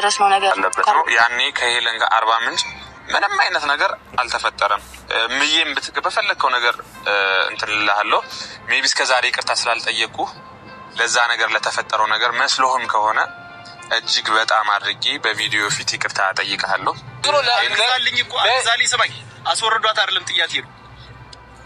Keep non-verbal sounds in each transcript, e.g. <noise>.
የጨረስነው ነገር አለበት ያኔ ከሄለን ጋር አርባ ምንጭ ምንም አይነት ነገር አልተፈጠረም። ምዬም ብትክ በፈለግከው ነገር እንትን እልሃለሁ። ሜቢ እስከ ዛሬ ይቅርታ ስላልጠየቅኩ ለዛ ነገር ለተፈጠረው ነገር መስሎህም ከሆነ እጅግ በጣም አድርጌ በቪዲዮ ፊት ይቅርታ እጠይቅሃለሁ። አስወርዷት አይደለም ጥያት ሄዱ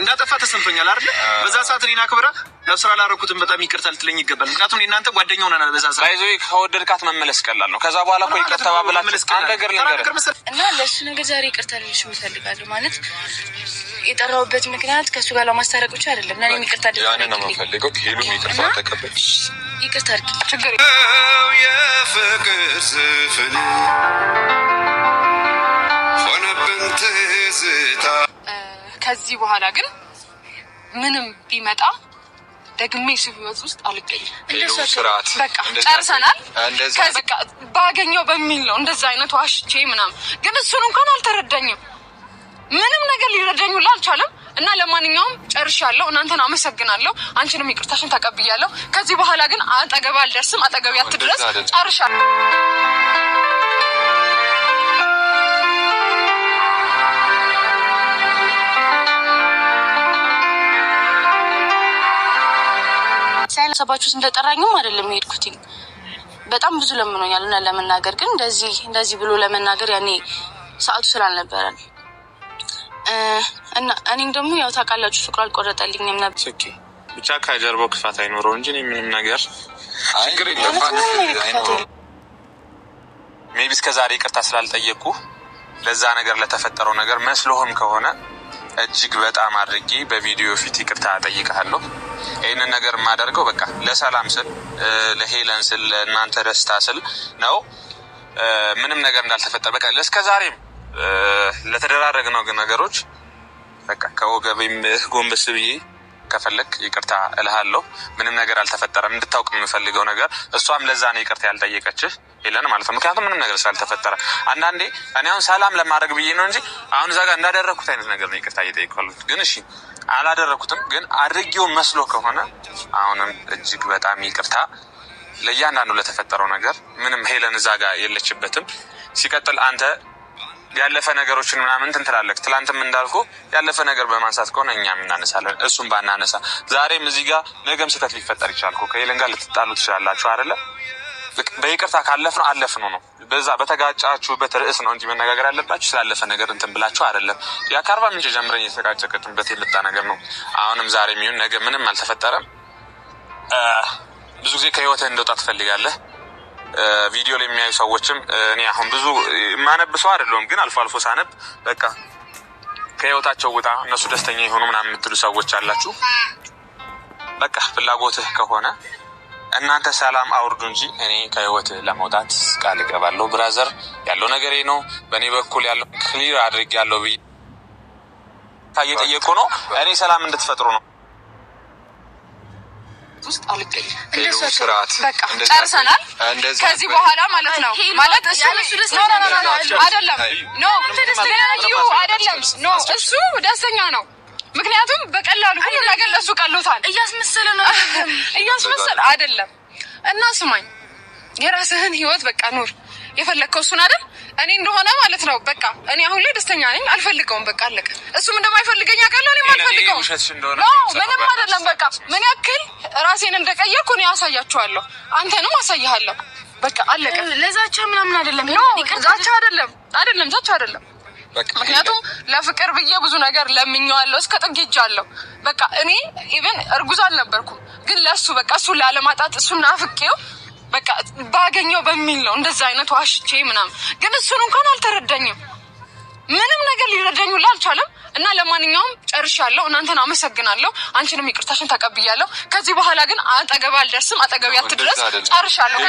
እንዳጠፋ ተሰምቶኛል አይደል? በዛ ሰዓት እኔን አክብራ ስራ አላረኩትም በጣም ይቅርታ ልትለኝ ይገባል። ምክንያቱም እናንተ ጓደኛ ሆነናል። በዛ ሰዓት ይዞ ከወደድካት መመለስ ቀላል ነው። ከዛ በኋላ እኮ ይቅርታ ባብላት አንድ ነገር ነገር እና ለሱ ነገር ዛሬ ይቅርታ ልልሽ እፈልጋለሁ። ማለት የጠራሁበት ምክንያት ከእሱ ጋር ለማስታረቅ ብቻ አይደለም። ለእኔም ይቅርታ ያንን ነው የምፈልገው። ሄሉም ይቅርታ ተቀበል፣ ይቅርታ አድርጊ። ችግር የፍቅር ስፍል ሆነብን ትዝታ ከዚህ በኋላ ግን ምንም ቢመጣ ደግሜ ስብ ህይወት ውስጥ አልገኝም። በቃ ጨርሰናል። ባገኘው በሚል ነው እንደዛ አይነት ዋሽቼ ምናምን፣ ግን እሱን እንኳን አልተረዳኝም። ምንም ነገር ሊረዳኝ ሁላ አልቻለም። እና ለማንኛውም ጨርሻለሁ። እናንተን አመሰግናለሁ። አንቺንም ይቅርታሽን ተቀብያለሁ። ከዚህ በኋላ ግን አጠገብ አልደርስም። አጠገብ ያትድረስ። ጨርሻለሁ። እንዳሰባችሁት እንደጠራኝም አይደለም የሄድኩትኝ። በጣም ብዙ ለምኖኛል እና ለመናገር ግን እንደዚህ እንደዚህ ብሎ ለመናገር ያኔ ሰዓቱ ስላልነበረን እና እኔም ደግሞ ያው ታውቃላችሁ ፍቅሩ አልቆረጠልኝም ነበር። ብቻ ከጀርባው ክፋት አይኖረው እንጂ ምንም ነገር ችግር ሜቢ እስከ ዛሬ ይቅርታ ስላልጠየቅኩ ለዛ ነገር ለተፈጠረው ነገር መስሎህም ከሆነ እጅግ በጣም አድርጌ በቪዲዮ ፊት ይቅርታ እጠይቅሃለሁ። ይህንን ነገር የማደርገው በቃ ለሰላም ስል ለሄለን ስል ለእናንተ ደስታ ስል ነው። ምንም ነገር እንዳልተፈጠረ በቃ እስከ ዛሬም ለተደራረግ ነው ነገሮች በቃ ከወገቤም ጎንበስ ብዬ ከፈለግ ይቅርታ እልሃለሁ፣ ምንም ነገር አልተፈጠረም። እንድታውቅ የምፈልገው ነገር እሷም ለዛ ነው ይቅርታ ያልጠየቀችህ ሄለን ማለት ነው። ምክንያቱም ምንም ነገር ስላልተፈጠረ አንዳንዴ እኔ አሁን ሰላም ለማድረግ ብዬ ነው እንጂ አሁን እዛ ጋር እንዳደረግኩት አይነት ነገር ነው ይቅርታ እየጠየቅኩት። ግን እሺ አላደረግኩትም፣ ግን አድርጌው መስሎ ከሆነ አሁንም እጅግ በጣም ይቅርታ ለእያንዳንዱ ለተፈጠረው ነገር። ምንም ሄለን እዛ ጋር የለችበትም። ሲቀጥል አንተ ያለፈ ነገሮችን ምናምን ትንትላለክ። ትላንትም እንዳልኩ ያለፈ ነገር በማንሳት ከሆነ እኛም እናነሳለን። እሱም ባናነሳ ዛሬም እዚህ ጋር ነገም ስህተት ሊፈጠር ይችላል። ከሄለን ጋር ልትጣሉ ትችላላችሁ አይደለ? በይቅርታ ነው አለፍ ነው። በዛ በተጋጫችሁበት ርዕስ ነው እንጂ መነጋገር ያለባችሁ ስላለፈ ነገር እንትን ብላችሁ አይደለም። ያ ከአርባ ምንጭ ጀምረን የተጋጨቅጥበት የመጣ ነገር ነው። አሁንም ዛሬ የሚሆን ነገ ምንም አልተፈጠረም። ብዙ ጊዜ ከህይወትህ እንደወጣ ትፈልጋለህ ቪዲዮ ላይ የሚያዩ ሰዎችም እኔ አሁን ብዙ ማነብሰው አይደለሁም፣ ግን አልፎ አልፎ ሳነብ በቃ ከህይወታቸው ውጣ እነሱ ደስተኛ የሆኑ ምናምን የምትሉ ሰዎች አላችሁ። በቃ ፍላጎትህ ከሆነ እናንተ ሰላም አውርዱ እንጂ እኔ ከህይወት ለመውጣት ቃል እገባለሁ። ብራዘር ያለው ነገሬ ነው። በእኔ በኩል ያለው ክሊር አድርግ ያለው ብ እየጠየቁ ነው። እኔ ሰላም እንድትፈጥሩ ነው ውስጥ አልገኝም። ስርዓት ጨርሰናል። ከዚህ በኋላ ማለት ነው ማለት እሱ አይደለም አይደለም፣ እሱ ደስተኛ ነው። ምክንያቱም በቀላሉ ሁሉ ነገር ለእሱ ቀሎታል። እያስመሰለ ነው <laughs> እያስመሰለ አይደለም። እና ስማኝ፣ የራስህን ህይወት በቃ ኑር የፈለግከው እሱን አደ እኔ እንደሆነ ማለት ነው። በቃ እኔ አሁን ላይ ደስተኛ ነኝ። አልፈልገውም። በቃ አለቀ። እሱም እንደማይፈልገኝ አውቃለሁ። እኔም አልፈልገውም። ምንም አይደለም። በቃ ምን ያክል ራሴን እንደቀየርኩ እኔ አሳያችኋለሁ። አንተንም አሳይሃለሁ። በቃ አለቀ። ለዛቻ ምናምን አይደለም። ዛቻ አይደለም፣ አይደለም፣ ዛቻ አይደለም። ምክንያቱም ለፍቅር ብዬ ብዙ ነገር ለምኜዋለሁ፣ እስከ ጥግ ሄጃለሁ። በቃ እኔ ኢቨን እርጉዝ አልነበርኩም፣ ግን ለእሱ በቃ እሱን ላለማጣት እሱን ናፍቄው በቃ ባገኘው በሚል ነው እንደዚ አይነት ዋሽቼ ምናምን፣ ግን እሱን እንኳን አልተረዳኝም። ምንም ነገር ሊረዳኝ ሁላ አልቻለም። እና ለማንኛውም ጨርሻለሁ። እናንተን አመሰግናለሁ። አንቺንም ይቅርታሽን ተቀብያለሁ። ከዚህ በኋላ ግን አጠገብ አልደርስም። አጠገብ ያትድረስ። ጨርሻለሁ።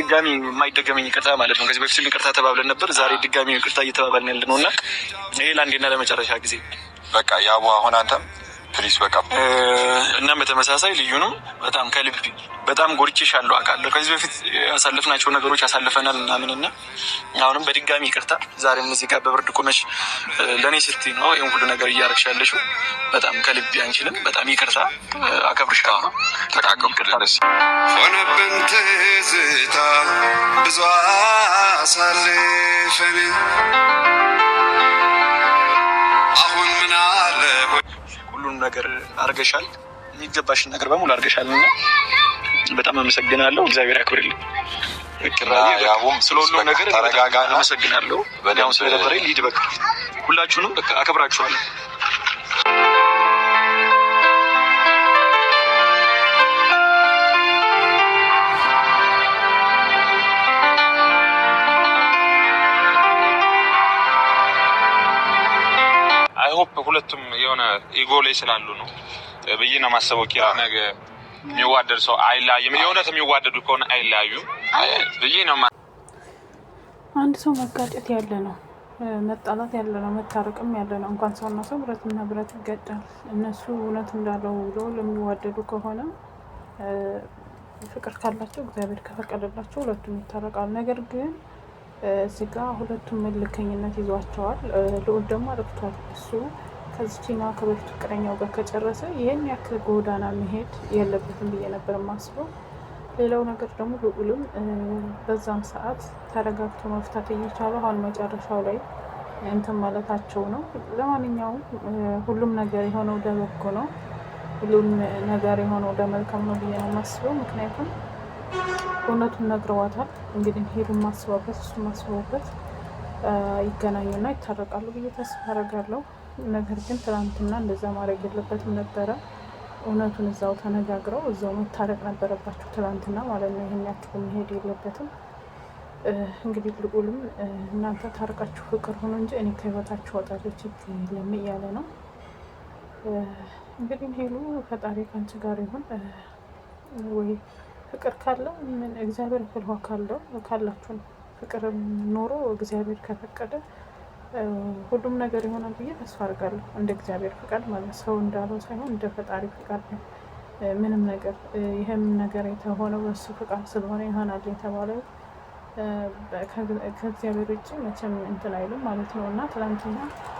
ድጋሚ የማይደገመኝ ይቅርታ ማለት ነው። ከዚህ በፊት ይቅርታ ተባብለን ነበር። ዛሬ ድጋሚ ይቅርታ እየተባባልን ያለ ነው እና ይሄ ለአንዴና ለመጨረሻ ጊዜ በቃ ያቡ አሁን አንተም ፕሊስ በቃ እና በተመሳሳይ ልዩ ነው። በጣም ከልብ በጣም ጎድቼሻለሁ አውቃለሁ። ከዚህ በፊት ያሳለፍናቸው ነገሮች ያሳልፈናል ምናምን እና አሁንም በድጋሚ ይቅርታ። ዛሬም እዚህ ጋር በብርድ ቁመሽ ለእኔ ስት ነው ይህን ሁሉ ነገር እያረግሻለሽ። በጣም ከልብ አንችልም። በጣም ይቅርታ። አከብርሻለሁ። ሆነብን ትዝታ ብዙ አሳልፈን አሁን ምን አለ ሁሉን ነገር አርገሻል፣ የሚገባሽን ነገር በሙሉ አርገሻል እና በጣም አመሰግናለሁ። እግዚአብሔር ያክብርልኝ። ስለሁሉ ነገር ተረጋጋ። አመሰግናለሁ። ስለነበረ ሊድ በቃ ሁላችሁንም አከብራችኋለሁ። የሆነ ኢጎ ላይ ስላሉ ነው ብዬ ነው የማስበው። ኪራ ነገ የሚዋደድ ሰው አይለያይም። የእውነት የሚዋደዱ ከሆነ አይለያዩም ብዬ ነው። አንድ ሰው መጋጨት ያለ ነው፣ መጣላት ያለ ነው፣ መታረቅም ያለ ነው። እንኳን ሰውና ሰው ብረትና ብረት ይገጫል። እነሱ እውነት እንዳለው ብለው ለሚዋደዱ ከሆነ ፍቅር ካላቸው እግዚአብሔር ከፈቀደላቸው ሁለቱም ይታረቃል። ነገር ግን ስጋ ሁለቱም መልከኝነት ይዟቸዋል። ልዑል ደግሞ አረፍቷል እሱ ከዚችኛዋ ከበፊት ፍቅረኛው ጋር ከጨረሰ ይህን ያክል ጎዳና መሄድ የለበትም ብዬ ነበር የማስበው። ሌላው ነገር ደግሞ ልዑልም በዛም ሰዓት ተረጋግቶ መፍታት እየቻለ አሁን መጨረሻው ላይ እንትን ማለታቸው ነው። ለማንኛውም ሁሉም ነገር የሆነው ለበጎ ነው። ሁሉም ነገር የሆነው ለመልካም ነው ብዬ ነው የማስበው። ምክንያቱም እውነቱን ነግረዋታል። እንግዲህ ሄዱ ማስባበት እሱ ማስበበት ይገናኙና ይታረቃሉ ብዬ ተስፋ አደርጋለሁ። ነገር ግን ትናንትና እንደዛ ማድረግ የለበትም ነበረ። እውነቱን እዛው ተነጋግረው እዛው መታረቅ ነበረባቸው ትናንትና ማለት ነው። ይህን ያክል መሄድ የለበትም። እንግዲህ ልዑልም እናንተ ታርቃችሁ ፍቅር ሆኖ እንጂ እኔ ከህይወታችሁ ወጣለሁ ችግር የለም እያለ ነው። እንግዲህ ሄሉ ፈጣሪ ከአንቺ ጋር ይሁን ወይ ፍቅር ካለው ምን እግዚአብሔር ፍልሆ ካለው ካላችሁ ነው ፍቅርም ኖሮ እግዚአብሔር ከፈቀደ ሁሉም ነገር ይሆናል ብዬ ተስፋ አድርጋለሁ። እንደ እግዚአብሔር ፍቃድ ማለት ሰው እንዳለው ሳይሆን እንደ ፈጣሪ ፍቃድ ነው ምንም ነገር። ይህም ነገር የተሆነው በሱ ፍቃድ ስለሆነ ይሆናል የተባለው ከእግዚአብሔር ውጭ መቼም እንትን አይልም ማለት ነው እና ትላንትና